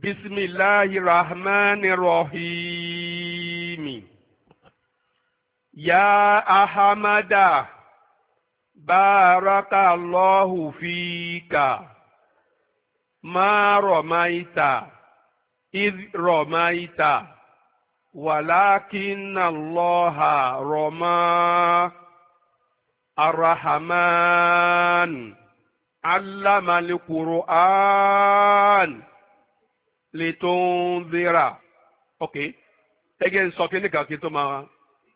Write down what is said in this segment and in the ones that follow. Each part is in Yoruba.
bisimilahi rahman rahim ya ahamada baraka allahu fika ma romaita iz romaita walakin allaha roma arrahman allama alquran lè tó ń vera ok ege ń sọ kí nìkan kí n tó ma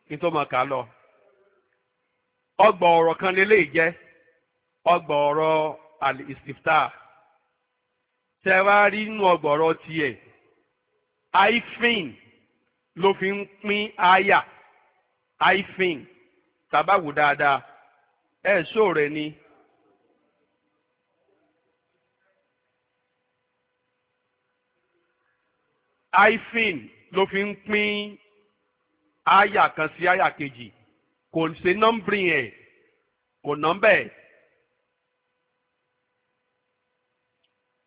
kí n tó kà lọ. ọgbà ọrọ kan lélẹ́yìí jẹ́ ọgbà ọrọ al-istifta tẹ rí inú ọgbà ọrọ tiẹ̀ aifin ló fi ń pín aya aifin tàbáwò dáadáa ẹ̀ ṣó rẹ̀ ni. hyphen ló fi ń pín àyà kan sí àyà kejì kò ṣe nọ́mbìrì ẹ̀ kò nọ́mbẹ̀ ẹ̀.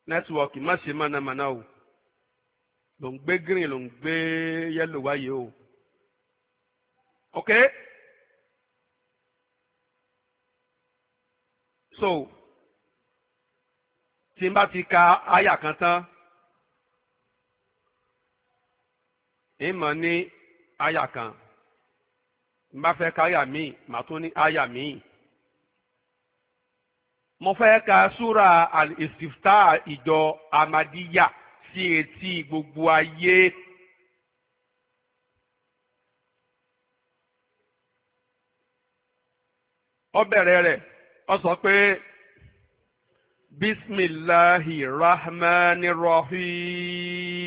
nẹ́tíwọ̀kì má ṣe mọ̀nàmọ́ná o ló ń gbé green ló ń gbé yellow wáyé o ok so tí n bá ti ka àyà kan tán. ìmọ̀ ní àyà kan n bá fẹ́ káyà míì màá tún ní àyà míì mo fẹ́ ka súra al-istifta ìjọ amadiya sí etí gbogbo ayé. ó rẹ̀ ó sọ pé bismillahirrahmanirrahim.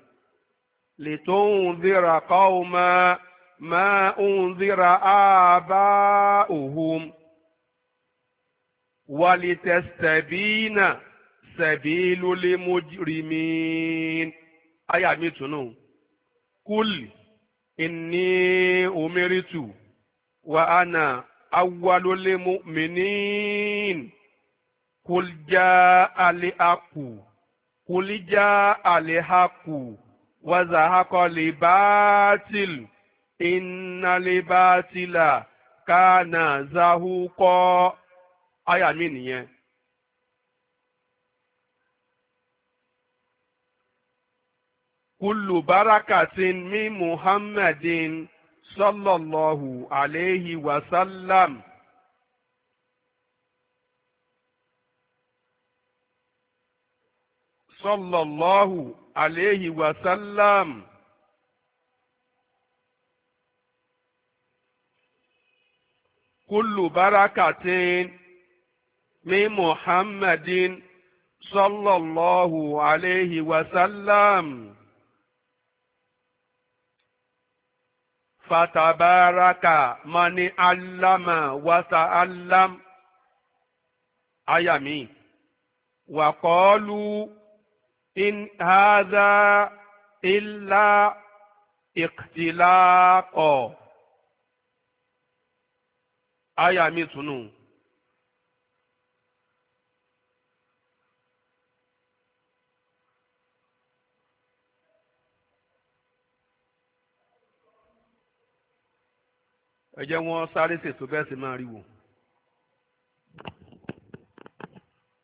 لتنذر قوما ما أنذر آباؤهم ولتستبين سبيل المجرمين آية ميتونو قل إني أمرت وأنا أول المؤمنين قل جاء الحق قل جاء الحق Waza ha kọlị batil innali batila ka na-azahụ ụkwọ ayaminye, hụlụ barakatị mị Muhammedin Sallallahu Alaihi Wasallam Sallallahu Alaihi alayhi wa sallam. كل بركة من محمد صلى الله عليه وسلم فتبارك من علم وتعلم آية وقالوا إن هذا إلا اختلاق آية من ẹ jẹ́ wọ́n sáré ṣètò bẹ́ẹ̀ sì máa rí wò.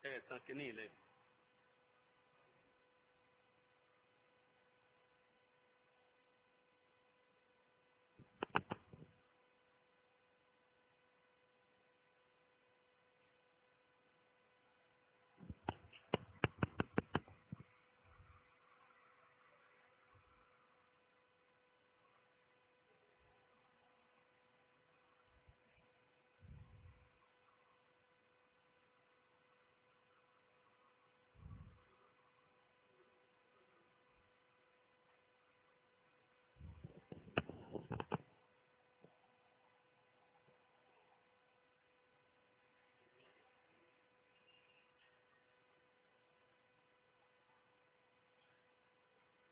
ẹ̀ tán kínní ilẹ̀.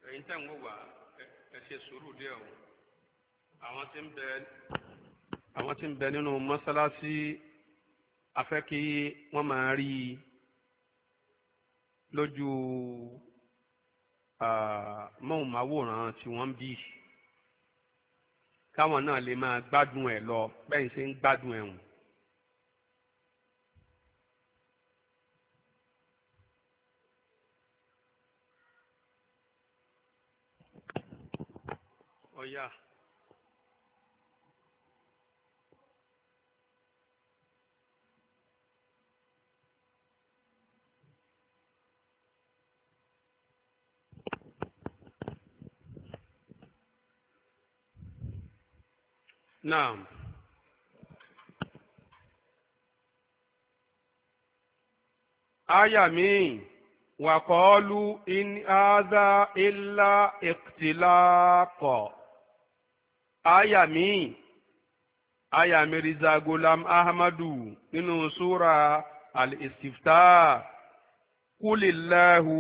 ẹ̀yin tẹ̀ ń wò wá ẹ ṣe sùúrù díẹ̀ o àwọn tí ń bẹ àwọn tí ń bẹ nínú mọ́sálásí afẹ́ kí wọ́n máa rí i lójú mọ́hùnmáwòrán tí wọ́n ń bí káwọn náà lè máa gbádùn ẹ̀ lọ bẹ́ẹ̀ ṣe ń gbádùn ẹ̀ ọ̀yà. Naam. Aya mi wa qalu in hadha illa ikhtilaqo àyà míì àyà mirza gulam ahmadu nínú súra al-istifta kúlìláhu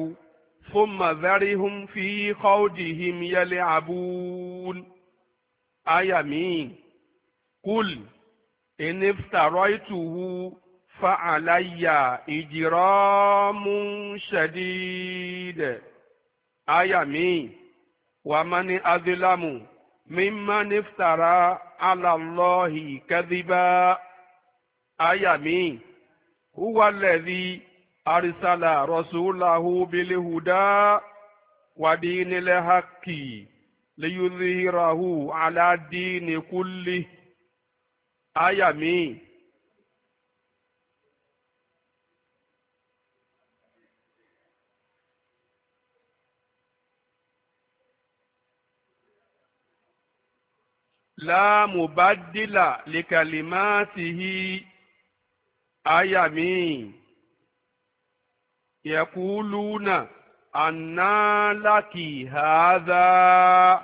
thumma dharihum fi khawdihim yal'abun àyà míì kúl iniftaroituhu fa'alayya ijramun shadid àyà míì wàmánì adìlámù mímọ́ níftàrà alàlọ́hì kẹ́díbá àyàmí húwalẹ̀dí arísàlà rọ̀ṣúláhù bílíhùdá wàdínilẹ̀ hákì lẹ́yìn rírahù aládìní kúlì àyàmí. la mubaddila likalimatihi aya mi yakuluna anna laki hadha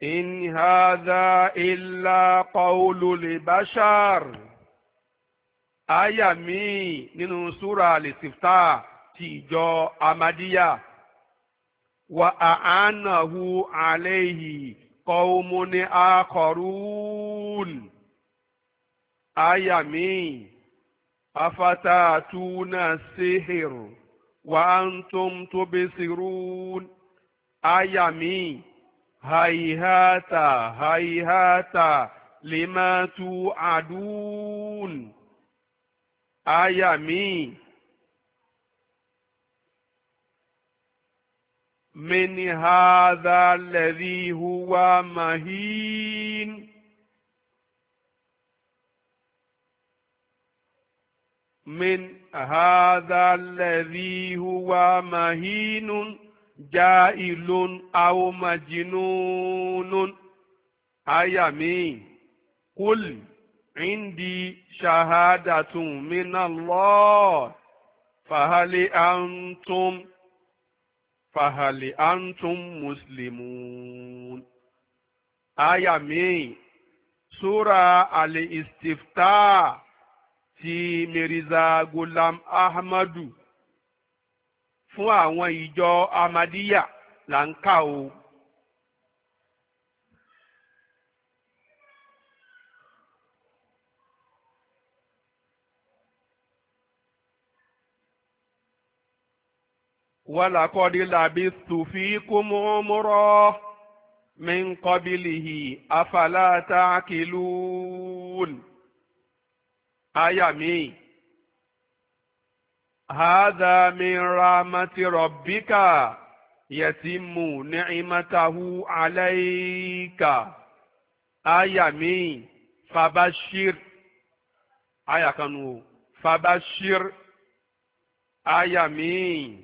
in hadha illa qawlu libashar aya mi nínú sura al-istifta ti ìjọ amadiya wa a'anahu alayhi qawmun akharun àyà míì afatatuna sihir wa antum tubsirun àyà míì hayhata hayhata lima tu'adun àyà míì. من هذا الذي هو مهين من هذا الذي هو مهين جائل أو مجنون اي مين قل عندي شهادة من الله فهل أنتم fahali antum muslimun aya miin sura al-istifta ti mirza gulam ahmadu fún àwọn ìjọ amadiya là ń kà o. ولقد لبثت فيكم عمرا من قبله أفلا تعقلون آية مي هذا من رحمة ربك يتم نعمته عليك آية مي فبشر آية كانوا فبشر آية مي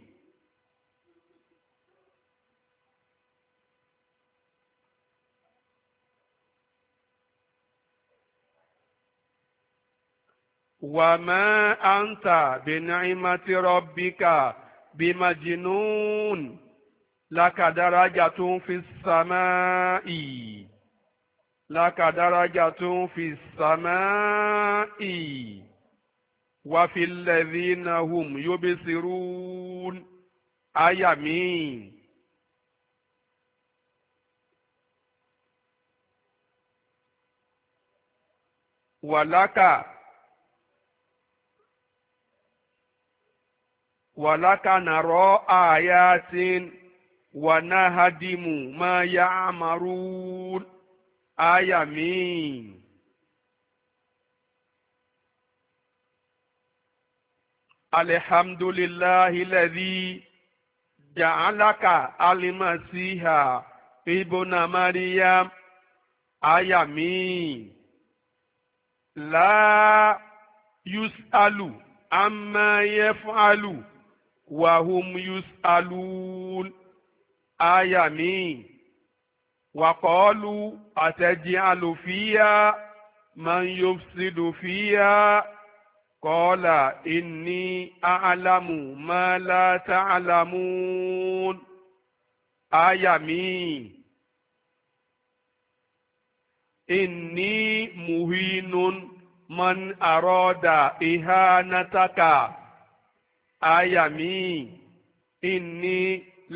وما أنت بنعمة ربك بمجنون لك درجة في السماء لك درجة في السماء وفي الذين هم يبصرون أيمين ولك wàlákànàrọ́ àyàtín wànáhádìmù máa yá àmàrú àyàmí. الحمد لله الذي جعلك المسيح ابن مريم آيامين لا يسأل عما يفعل wahum yusalun aya mi waqalu ataj'alu fiha man yufsidu fiha qala inni a'lamu ma la ta'lamun aya mi inni muhinun man arada ihanataka àyà míì inni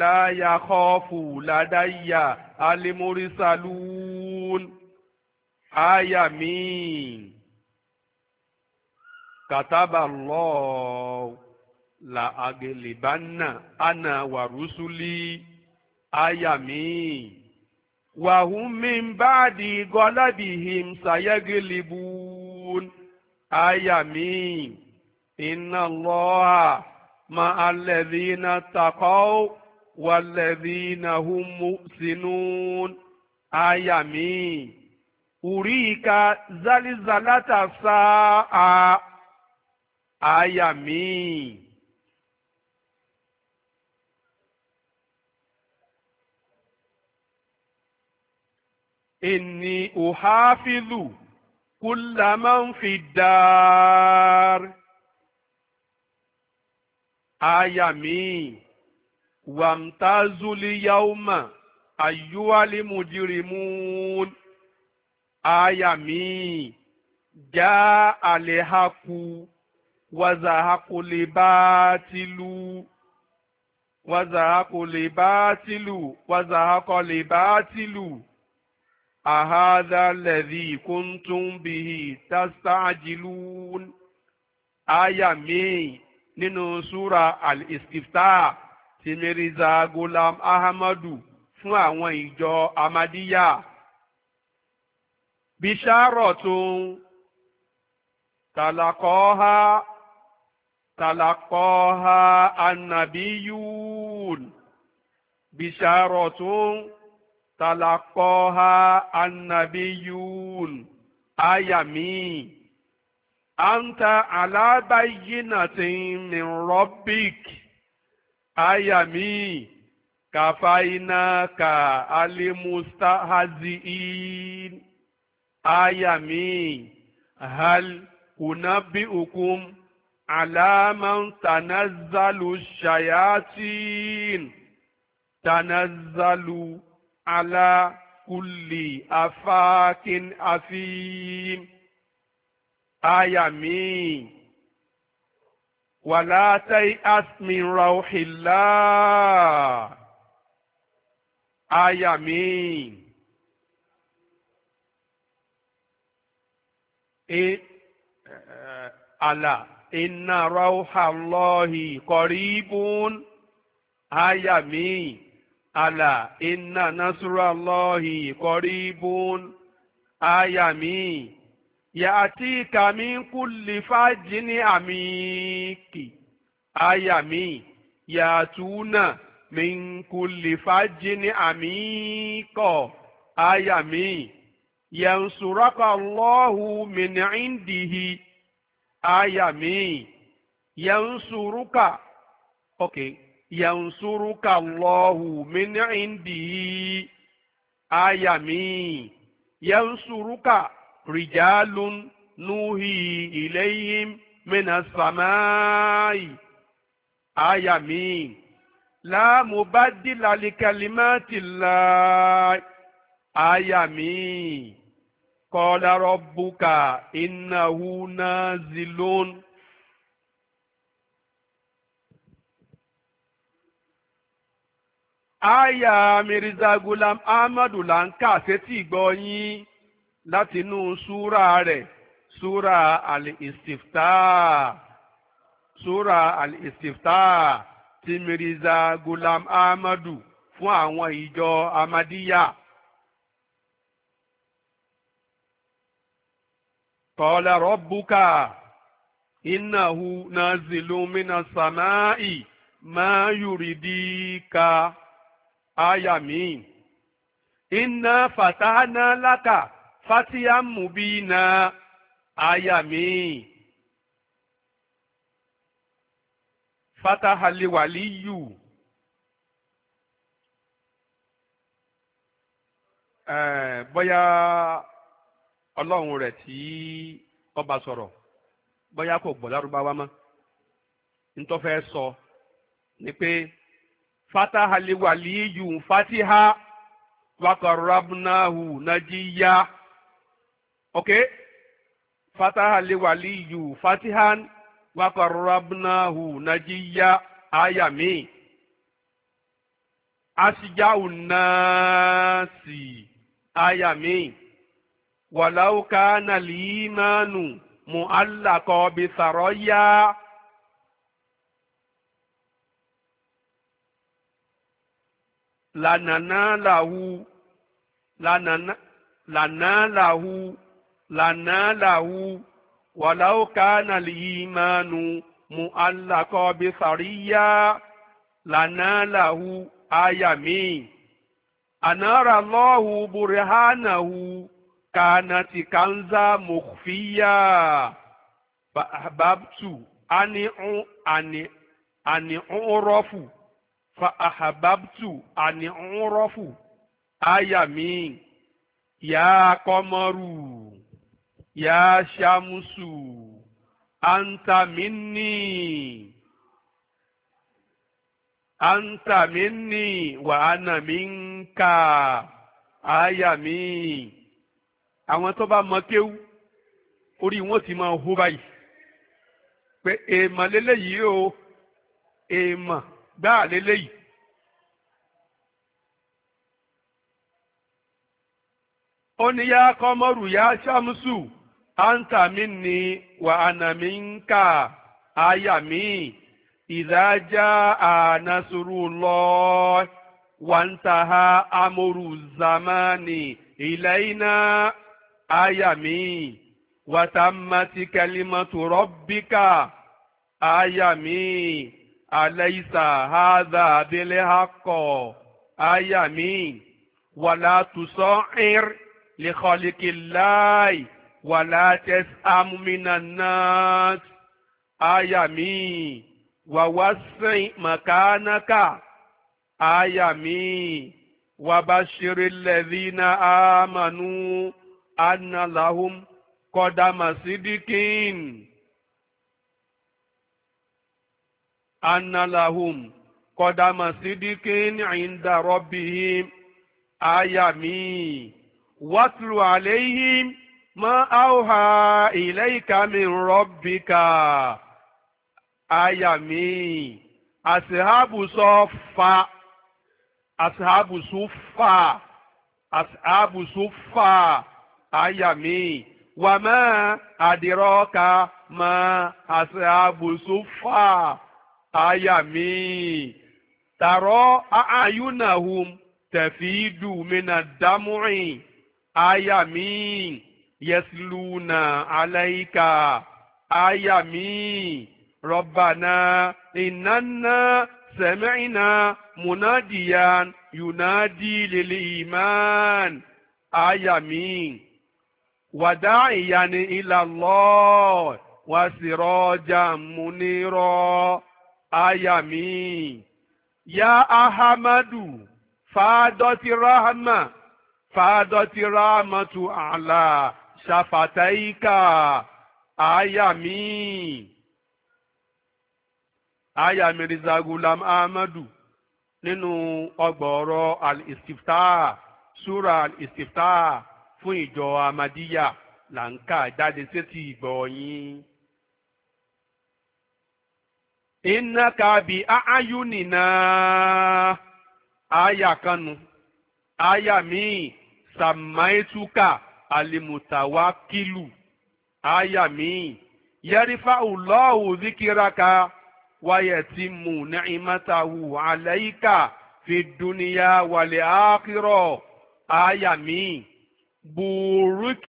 láyà kọ́ọ̀fù ládàyà alimurisalun àyà míì kàtàbà lọ́ọ̀ la agelibanna ana wàrúsùlì àyà míì wàhùn min báàdì gọ́lábìhìm sayagilibun àyà míì iná مع الذين اتقوا والذين هم محسنون آية مين أريك زلزلة الساعة آية مين إني أحافظ كل من في الدار aya míì wàmtazuli yauma ayuwali mujirimun aya míì já alehaku wazahakule baatilu wazahakule baatilu wazahakule baatilu ahadha alladhi kuntum bihi tastajilun aya míì nínú súra al-istiftah ti Mirza Ghulam Ahmadu fún àwọn ìjọ Ahmadiyya bisharatun talaqaha talaqaha annabiyun bisharatun talaqaha annabiyun ayami anta alabayinatin min rabbik ayami kafainaka alimustahaziin ayami hal unabbiukum ala man tanazzalu shayatin tanazzalu ala kulli afakin afim aya míì wàlá tẹ́í asmin rauhilá aya míì e uh, eh, àlà iná rauhalọ́hì kọ̀rìbùn aya míì àlà iná nasúralọ́hì kọ̀rìbùn aya míì ya'tika min kulli fajini amiki ayami ya'tuna min kulli fajini amiko ayami yansuraka Allahu min indihi ayami yansuruka okay yansuruka Allahu min indihi ayami yansuruka. رجال نوحي إليهم من السماء آية مين لا مبدل لكلمات الله آية مين قال ربك إنه نازل Aya Mirza Gulam Ahmadu là ń kà sétí ìgbọ́ yín láti inú súra rẹ̀ súra al-istifta súra al-istifta ti Mirza Gulam Ahmadu fún àwọn ìjọ Ahmadiyya. Qala rabbuka innahu nazilun minas samai ma yuridika aya mi. Inna fatahna laka. fatiha na aya míì fatahali yu eh, bóyá ọlọ́run rẹ tí ọba sọ̀rọ̀ kọ kò gbọ́ lárúbáwá mọ́ ntọ́fẹ́ sọ ni pé fatahali waliyu fatiha wakarabnahu najiya. okay fataha liwaliyu fatihan wakarrabnahu najiya ayami asijahu nasi ayami walau kana limanu mu'allaqa bi saraya lanana lahu lanana lanana lahu lànà làwù wàláwù kánà lìyí mánu mu alákọ̀ bí sàríyá lànà làwù àyàmí. ànàrà lọ́hù burhánàhù kánà ti kanza mùkfíyà bàbtù àní àní àní ọ̀rọ̀fù fa àhàbàbtù àní ọ̀rọ̀fù àyàmí yà kọ́mọ́rù. يا شمس أنت مني أنت مني وأنا منك آية مي àwọn tó bá mọ kéwú orí wọn ti máa hó báyìí pé èèmọ̀ lélẹ́yìí o èèmọ̀ gbáà lélẹ́yìí. ó ní yá kọ́mọ́rù yá ṣámúsù anta minni wa ana minka aya mi idha jaa nasrullah wa ntaha amru zamani ilaina aya mi wa tammati kalimatu rabbika aya mi alaysa hadha bilhaqqi aya mi wala tusair li khaliqillahi wàlàtẹ́s amúmínànáàt àyàmí wàwásìn màkánàkà àyàmí wàbáṣirilẹ̀dínà àmànú ànàláhùn kọ́dàmà sídìkìn. ànàláhùn kọ́dàmà sídìkìn ìndàrọ́bìhìn àyàmí wàtúrò àléhìn ma auha ilayka min rabbika ayami ashabu sofa ashabu sufa ashabu sufa ayami wa ma adiraka ma ashabu sufa ayami taro a'ayunahum tafidu min ad-dam'i ayami yasluna alayka aya míì rabbana innanna sami'na munadiyan yunadi lil iman aya míì wada'iyan ila Allah wa sirajan munira aya míì ya ahamadu fàádọ́tì rahama fàádọ́tì rahmatu ala Shafataika, àyà míì àyà mirza gulam ahmadu nínú ọgbọ̀ọ̀rọ̀ al-istifta sura al-istifta fún ìjọ amadiya là ń kà jáde sétí ìgbọ̀ yín. innaka bi a'yunina àyà kanu àyà míì sàmáìtúkà alimutawakilu aya míì yẹrifa ulọ́ọ̀hù zikiraka wáyẹ̀tì mù ní ìmọ̀tàwù àlẹ́yíkà fi dúníyà wàlẹ̀ ákírọ̀ aya míì bùrúkì.